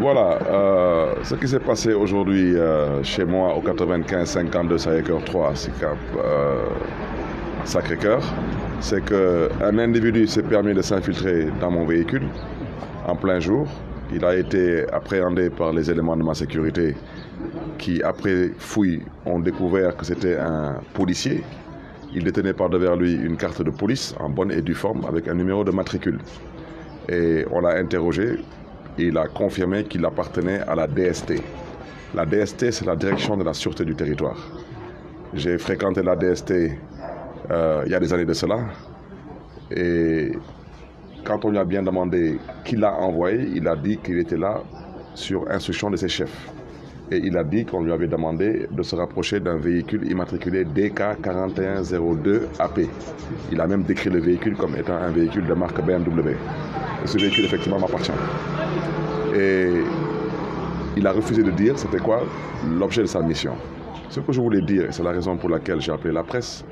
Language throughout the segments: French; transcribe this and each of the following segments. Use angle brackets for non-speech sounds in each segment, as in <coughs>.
Voilà euh, ce qui s'est passé aujourd'hui euh, chez moi au 95 52 Sacré-Cœur 3, euh, Sacré-Cœur, c'est qu'un individu s'est permis de s'infiltrer dans mon véhicule en plein jour. Il a été appréhendé par les éléments de ma sécurité qui, après fouille, ont découvert que c'était un policier il détenait par devers lui une carte de police en bonne et due forme avec un numéro de matricule. Et on l'a interrogé il a confirmé qu'il appartenait à la DST. La DST, c'est la direction de la sûreté du territoire. J'ai fréquenté la DST euh, il y a des années de cela. Et quand on lui a bien demandé qui l'a envoyé, il a dit qu'il était là sur instruction de ses chefs et il a dit qu'on lui avait demandé de se rapprocher d'un véhicule immatriculé DK4102AP. Il a même décrit le véhicule comme étant un véhicule de marque BMW. ce véhicule, effectivement, m'appartient. Et il a refusé de dire c'était quoi l'objet de sa mission. Ce que je voulais dire, c'est la raison pour laquelle j'ai appelé la presse,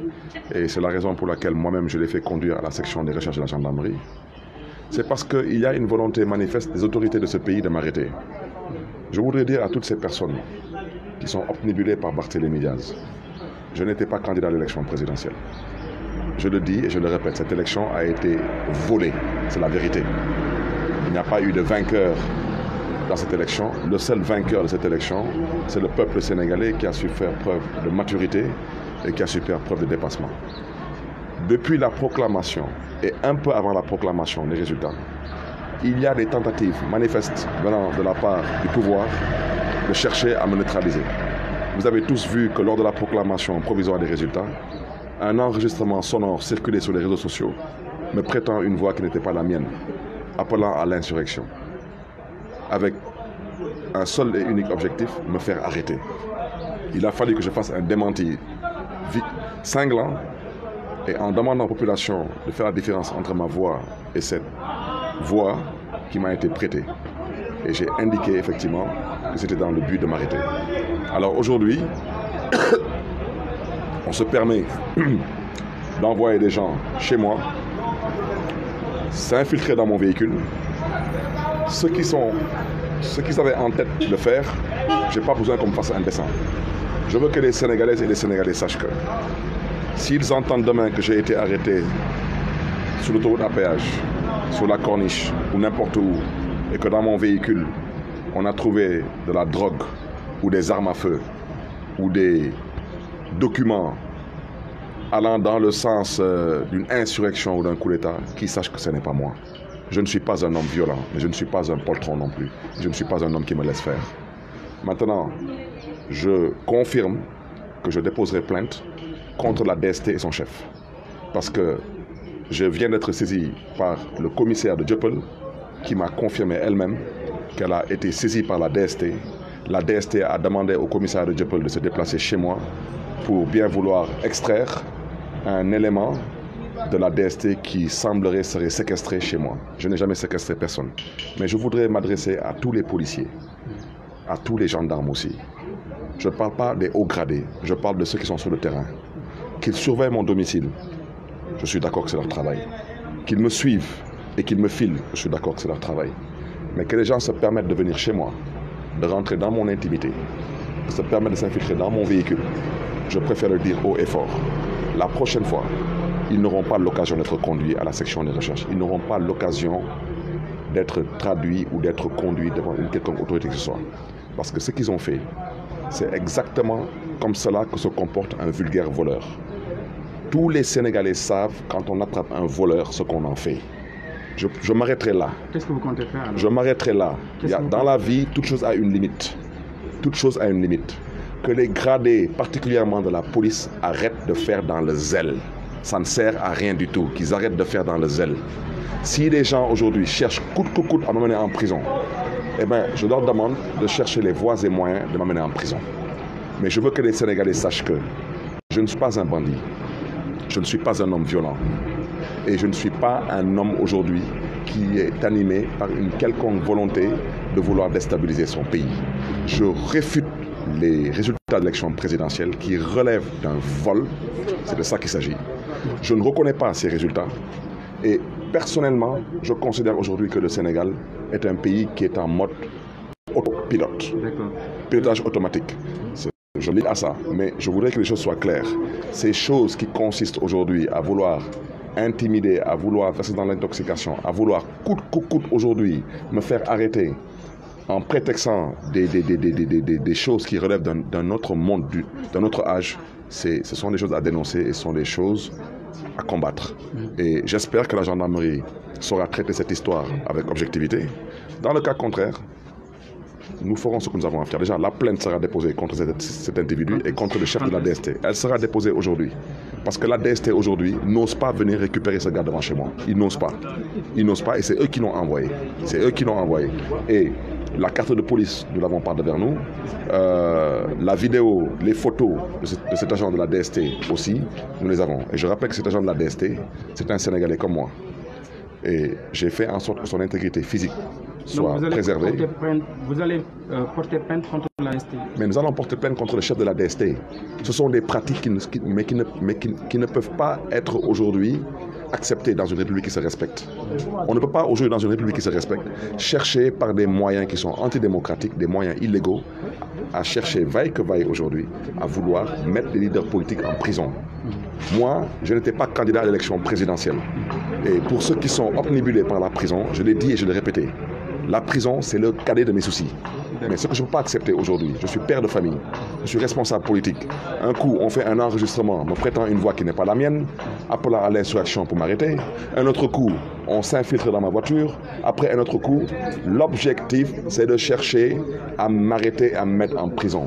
et c'est la raison pour laquelle moi-même je l'ai fait conduire à la section des recherches de la gendarmerie, c'est parce qu'il y a une volonté manifeste des autorités de ce pays de m'arrêter. Je voudrais dire à toutes ces personnes qui sont obnubilées par Barthélémy Diaz, je n'étais pas candidat à l'élection présidentielle. Je le dis et je le répète, cette élection a été volée, c'est la vérité. Il n'y a pas eu de vainqueur dans cette élection. Le seul vainqueur de cette élection, c'est le peuple sénégalais qui a su faire preuve de maturité et qui a su faire preuve de dépassement. Depuis la proclamation et un peu avant la proclamation des résultats, il y a des tentatives manifestes venant de la part du pouvoir de chercher à me neutraliser. Vous avez tous vu que lors de la proclamation provisoire des résultats, un enregistrement sonore circulé sur les réseaux sociaux me prêtant une voix qui n'était pas la mienne, appelant à l'insurrection, avec un seul et unique objectif, me faire arrêter. Il a fallu que je fasse un démenti cinglant et en demandant aux populations de faire la différence entre ma voix et celle voix qui m'a été prêtée. Et j'ai indiqué effectivement que c'était dans le but de m'arrêter. Alors aujourd'hui, <coughs> on se permet <coughs> d'envoyer des gens chez moi, s'infiltrer dans mon véhicule. Ceux qui sont, ceux qui avaient en tête de faire, j'ai pas besoin qu'on me fasse un dessin. Je veux que les Sénégalaises et les Sénégalais sachent que s'ils entendent demain que j'ai été arrêté sur l'autoroute à péage, sur la corniche ou n'importe où et que dans mon véhicule, on a trouvé de la drogue ou des armes à feu ou des documents allant dans le sens euh, d'une insurrection ou d'un coup d'État, qui sache que ce n'est pas moi. Je ne suis pas un homme violent, mais je ne suis pas un poltron non plus. Je ne suis pas un homme qui me laisse faire. Maintenant, je confirme que je déposerai plainte contre la DST et son chef. Parce que je viens d'être saisi par le commissaire de Djopel qui m'a confirmé elle-même qu'elle a été saisie par la DST. La DST a demandé au commissaire de Djopel de se déplacer chez moi pour bien vouloir extraire un élément de la DST qui semblerait serait séquestré chez moi. Je n'ai jamais séquestré personne. Mais je voudrais m'adresser à tous les policiers, à tous les gendarmes aussi. Je ne parle pas des hauts gradés, je parle de ceux qui sont sur le terrain. Qu'ils surveillent mon domicile, je suis d'accord que c'est leur travail. Qu'ils me suivent et qu'ils me filent, je suis d'accord que c'est leur travail. Mais que les gens se permettent de venir chez moi, de rentrer dans mon intimité, de se permettre de s'infiltrer dans mon véhicule, je préfère le dire haut et fort. La prochaine fois, ils n'auront pas l'occasion d'être conduits à la section des recherches. Ils n'auront pas l'occasion d'être traduits ou d'être conduits devant une quelconque autorité que ce soit. Parce que ce qu'ils ont fait, c'est exactement comme cela que se comporte un vulgaire voleur tous les Sénégalais savent quand on attrape un voleur ce qu'on en fait. Je, m'arrêterai là. Qu'est-ce que vous comptez faire Je m'arrêterai là. dans la vie, toute chose a une limite. Toute chose a une limite. Que les gradés, particulièrement de la police, arrêtent de faire dans le zèle. Ça ne sert à rien du tout qu'ils arrêtent de faire dans le zèle. Si les gens aujourd'hui cherchent coûte que coûte à m'amener en prison, eh bien, je leur demande de chercher les voies et moyens de m'amener en prison. Mais je veux que les Sénégalais sachent que je ne suis pas un bandit. Je ne suis pas un homme violent. Et je ne suis pas un homme aujourd'hui qui est animé par une quelconque volonté de vouloir déstabiliser son pays. Je réfute les résultats de l'élection présidentielle qui relèvent d'un vol. C'est de ça qu'il s'agit. Je ne reconnais pas ces résultats. Et personnellement, je considère aujourd'hui que le Sénégal est un pays qui est en mode autopilote, pilotage automatique. Je lis à ça, mais je voudrais que les choses soient claires. Ces choses qui consistent aujourd'hui à vouloir intimider, à vouloir verser dans l'intoxication, à vouloir coûte coûte coûte aujourd'hui me faire arrêter en prétextant des, des choses qui relèvent d'un autre monde, d'un autre âge, ce sont des choses à dénoncer et ce sont des choses à combattre. Mm. Et j'espère que la gendarmerie saura traiter cette histoire avec objectivité. Dans le cas contraire, nous ferons ce que nous avons à faire. Déjà, la plainte sera déposée contre cet, individu et contre le chef de la DST. Elle sera déposée aujourd'hui. Parce que la DST aujourd'hui n'ose pas venir récupérer ce gars devant chez moi. Ils n'osent pas. Ils n'osent pas et c'est eux qui l'ont envoyé. C'est eux qui l'ont envoyé. Et la carte de police, nous l'avons pas vers nous. Euh, la vidéo, les photos de de cet agent de la DST aussi, nous les avons. Et je rappelle que cet agent de la DST, c'est un Sénégalais comme moi. Et j'ai fait en sorte que son intégrité physique soit vous allez euh, porter contre la Mais nous allons porter plainte contre le chef de la DST. Ce sont des pratiques qui ne, mais qui, peuvent pas être aujourd'hui acceptées dans une république qui se respecte. On ne peut pas aujourd'hui dans une république qui se respecte chercher par des moyens qui sont antidémocratiques, des moyens illégaux, à chercher vaille que vaille aujourd'hui à vouloir mettre les leaders politiques en prison. Moi, je n'étais pas candidat à l'élection présidentielle. Et pour ceux qui sont omnibulés par la prison, je l'ai dit et je l'ai répété, la prison, c'est le cadet de mes soucis. Mais ce que je ne peux pas accepter aujourd'hui, je suis père de famille, je suis responsable politique. Un coup, on fait un enregistrement me prétend une voix qui n'est pas la mienne, appelant à l'insurrection pour m'arrêter. Un autre coup, on s'infiltre dans ma voiture. Après un autre coup, l'objectif, c'est de chercher à m'arrêter, à me mettre en prison.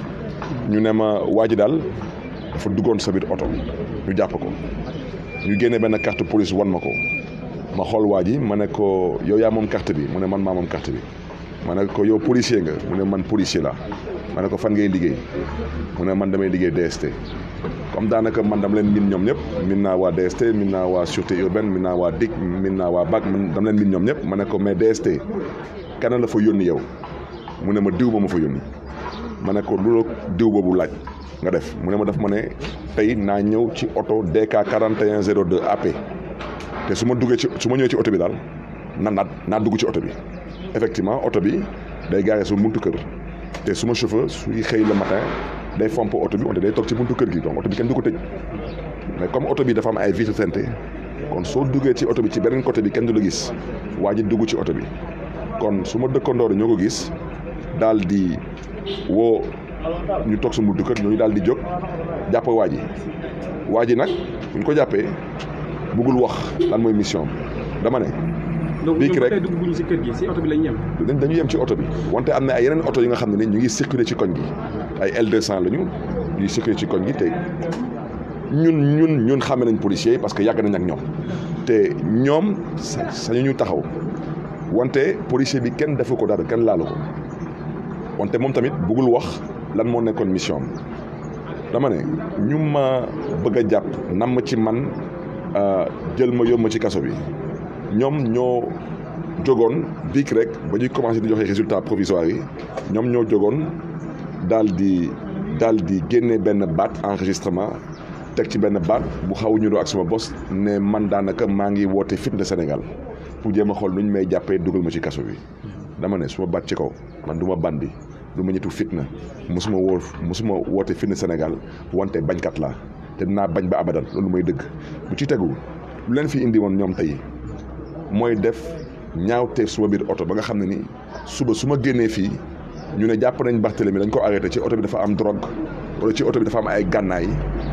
ñu ne ma waaji daal dafa duggoon sa oto ñu jàpp ko ñu génne benn carte police wan ma ko ma xool waa ji ma ne ko yow yaa moom carte bi mu ne man maa moom carte bi ma ne ko yow policier nga mu ne man policier la ma ne ko fan ngay liggéey mu ne man damay liggéey DST comme daanaka man dama leen min ñoom ñëpp min naa waa DST min naa waa sûreté urbaine min naa waa DIC naa waa BAC man dama leen ñoom ñëpp ma ne ko mais DST kana la fa yónni yow mu ne ma diw ma ma fa yónni ma ne ko lu la diw boobu laaj nga def mu ne ma daf ma ne tey naa ñëw ci oto DK 41 02 AP te su ma duggee ci su ma ñëwee ci oto bi daal nan naat naa dugg ci oto bi effectivement oto bi day gaaree su buntu kër te su ma chauffeur suy xëy le matin day fomp oto bi wante day toog ci buntu kër gi donc oto bi kenn du ko tëj mais comme oto bi dafa am ay vitres teintées kon soo duggee ci oto bi ci beneen côté bi kenn du la gis waa ji dugg ci oto bi kon su ma dëkkandoo ñoo ko gis daal di. woo ñu toog sa buntu kër ñooñu daal di jóg jàpp waa ji waa ji nag buñ ko jàppee bëggul wax lan mooy mission dama ne. biik rek donc dugguñu si kër gi si oto bi lañu yem. dañu yem ci oto bi wante am na ay yeneen oto yi nga xam ne ñu ngi circuler ci koñ gi ay L200 lañu ñuy circuler ci koñ gi te ñun ñun ñun xàmme nañ policiers parce que yàgg nañ ak ñoom te ñoom sañu ñu taxaw wante policier bi kenn defu ko dara kenn laalu ko. wante moom tamit bëggul wax lan moo nekkoon mission am dama ne ñu ma bëgg a jàpp nam ma ci man euh, jël ma yóbbu ma ci kaso bi ñoom ñoo jógoon biik rek ba ñuy commencé di joxe résultat provisoire yi ñoom ñoo jogoon daal di daal di génne benn baat enregistrement teg ci benn baat bu xaw ñu doo ak suma bos ne man daanaka maa ngi woote fitna Sénégal pour jéem a xool nu may jàppee dugal ma ci kaso bi dama ne su baat ci kaw man du ma bandi du ma ñitu fitna musuma woo musuma woote fitna senegal wante bañkat laa te dinaa bañ ba abadan loolu mooy dëgg bu ci tegu lu leen fi indi woon ñoom tey mooy def ñaaw teef suma biir oto ba nga xam ne ni suba su ma génnee fii ñu ne jàpp nañ Barthélemy dañ ko arrêté ci oto bi dafa am drogue wala ci oto bi dafa am ay gànnaay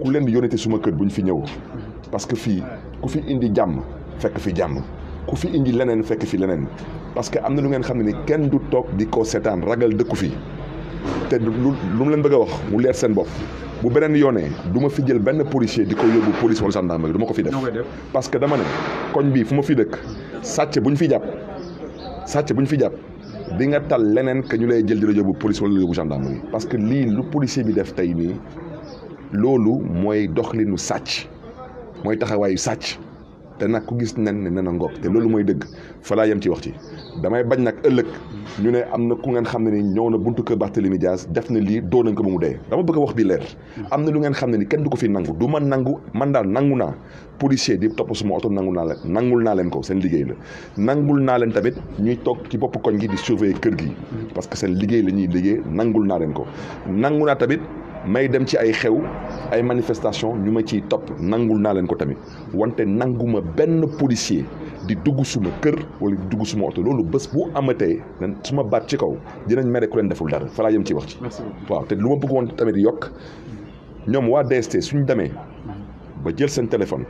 ku leen di yónnee suma kër bu ñu fi ñëw parce que fii ku fi indi jàmm fekk fi jàmm ku fi indi leneen fekk fi leneen parce que am na lu ngeen xam ne ni kenn du toog di ko seetaan ragal dëkku fi te lu lu mu leen bëgg a wax mu leer seen bopp bu beneen yoonee du ma fi jël benn policier di ko yóbbu police wala gendarmerie du ma ko fi def parce que dama ne koñ bii fu ma fi dëkk sàcc bu ñu fi jàpp sàcc bu ñu fi jàpp di nga tal leneen que ñu lay jël di la yóbbu police wala yóbbu parce que lii lu policier bi def tey nii loolu mooy doxalinu sàcc mooy taxawaayu sàcc te nag ku gis nen ne nen a ngoog te loolu mooy dëgg falaa yem ci wax ci damay bañ nag ëllëg ñu ne am na ku ngeen xam ne ni ñëw na buntu kër Barthélemy Dias def na lii doo nañ ko ba mu dee dama bëgg wax bi leer am na lu ngeen xam ne ni kenn du ko fi nangu du ma nangu man daal nangu naa policier di topp suma oto nangu naa leen nangul naa leen ko seen liggéey la nangul naa leen tamit ñuy toog ci bopp koñ gi di surveiller kër gi parce que seen liggéey la ñuy liggéey nangul naa leen ko nangu naa tamit may dem ci ay xew ay manifestation ñu ma ciy topp nangul naa leen ko tamit wante nanguma benn policier di dugg suma kër wala di dugg suma oto loolu bés bu amatee suma baat ci kaw dinañ mere ku leen deful dara falaa yëm ci wax ci waaw te lu ma bëgg woon tamit yokk ñoom waa DST suñu demee ba jël seen téléphone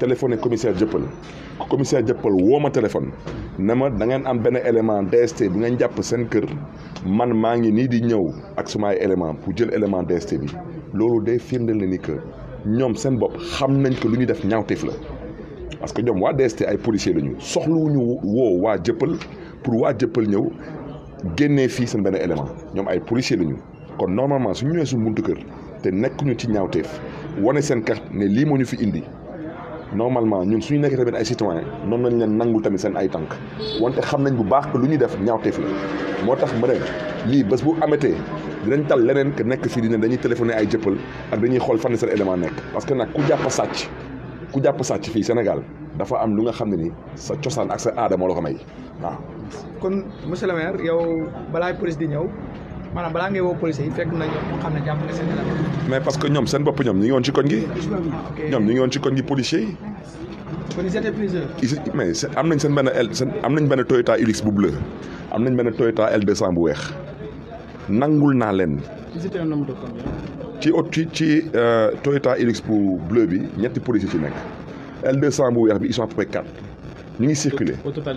téléphoné commissaire jëppal commissaire jëppal woo ma téléphone ne ma da ngeen am benn élément DST bi ngeen jàpp seen kër man maa ngi nii di ñëw ak sumay élément pour jël élément DST bi loolu day firndeel na ni que ñoom seen bopp xam nañ ko lu ñuy def ñawteef la parce que ñoom waa DST ay policier la ñu soxluwuñu woo waa jëppal pour waa jëppal ñëw génnee fii seen benn élément ñoom ay policier la ñu kon normalement suñu ñëwee suñu buntu kër te nekkuñu ci ñaawteef wane seen carte ne lii moo ñu fi indi normalement ñun suñu nekkee tamit ay citoyen noonu nañ leen nangul tamit seen ay tànk wante xam nañ bu baax que lu ñuy def ñaawteef la moo tax ma ne lii bés bu amatee dinañ tal leneen que nekk fii di ne dañuy téléphoné ay jëppal ak dañuy xool fan la seen élément nekk parce que nag ku jàpp sàcc ku jàpp sàcc fii Sénégal dafa am lu nga xam ne ni sa cosaan ak sa aadama moo ko may waaw kon monsieur le yow balaay police di ñëw maanaam balaa ngay woo policiers yi fekk na mais parce que ñoom seen bopp ñoom ñi ngi woon ci koñ gi. Ah, ñoom ñu ngi woon ci koñ gi policiers yi. kon mais am nañ seen benn L seen am nañ benn Toyota Hilux bu bleu am nañ benn Toyota L200 bu weex nangul naa leen. ci ot ci ci euh, Toyota Hilux bu bleu bi ñetti policiers ci nekk L200 bu weex bi ils sont à peu près ñu ngi circuler. au total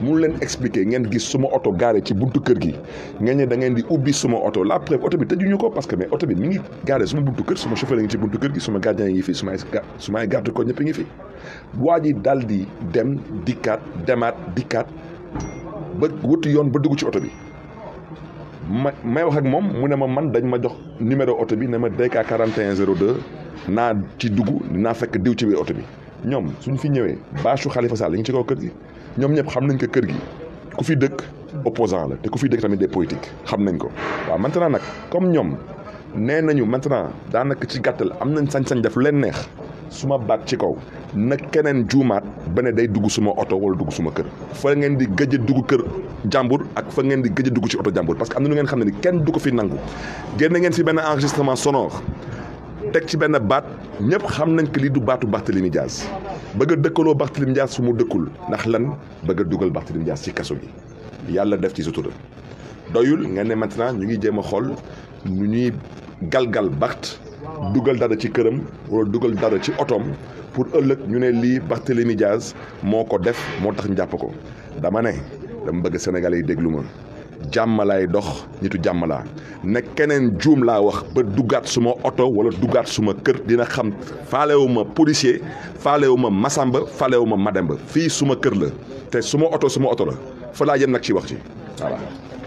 mu leen expliqué ngeen gis suma oto garé ci buntu kër gi ngeen ne da ngeen di ubbi suma oto la preuve oto bi tejuñu ko parce que mais oto bi mi ngi garé suma buntu kër suma chauffeur ngi ci buntu kër gi suma gardien ngi fi suma suma garde ko ñep ngi fi waji daldi dem dikat demat dikat ba wut yoon ba dugg ci oto bi may wax ak mom mu ne ma man dañ ma jox numéro oto bi ne ma DK 4102 na ci dugg na fekk diw ci bi oto bi ñom suñ fi ñëwé bachu khalifa sall ñi ci ko kër gi ñoom ñëpp xam nañ ko kër gi ku fi dëkk opposant la te ku fi dëkk tamit des politiques xam nañ ko waaw maintenant nag comme ñoom nee nañu maintenant daanaka ci gàttal am nañ sañ-sañ def leen neex su ma baat ci kow na keneen juumaat bene ne day dugg suma oto wala dugg suma kër fa ngeen di gëjj a dugg kër jàmbur ak fa ngeen di gëj a dugg ci oto jàmbur parce que am na lu ngeen xam ne ni kenn du ko fi nangu génne ngeen fi benn enregistrement sonore teg ci benn baat ñëpp xam nañ que lii du baatu Barthélemy Dias bëgg a dëkkaloo Barthélemy Dias su mu dëkkul ndax lan bëgg a dugal Barthélemy Dias ci kaso gi yàlla def ci sutura doyul nga ne maintenant ñu ngi jéem a xool nu ñuy galgal Barth dugal dara ci këram wala dugal dara ci otoom pour ëllëg ñu ne lii Barthélemy Dias moo ko def moo tax ñu jàpp ko dama ne dama bëgg Sénégalais yi déglu ma. jàmmalaay dox nitu jàmmalaa ne keneen juum laa wax ba duggaat suma oto wala duggaat suma kër dina xam faalewuma policier faalewuma masamba faalewuma mademba fii suma kër la te suma oto suma oto la fa laa jëm nag ci wax ci voilà.